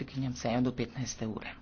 prekinjam sejo do 15. ure.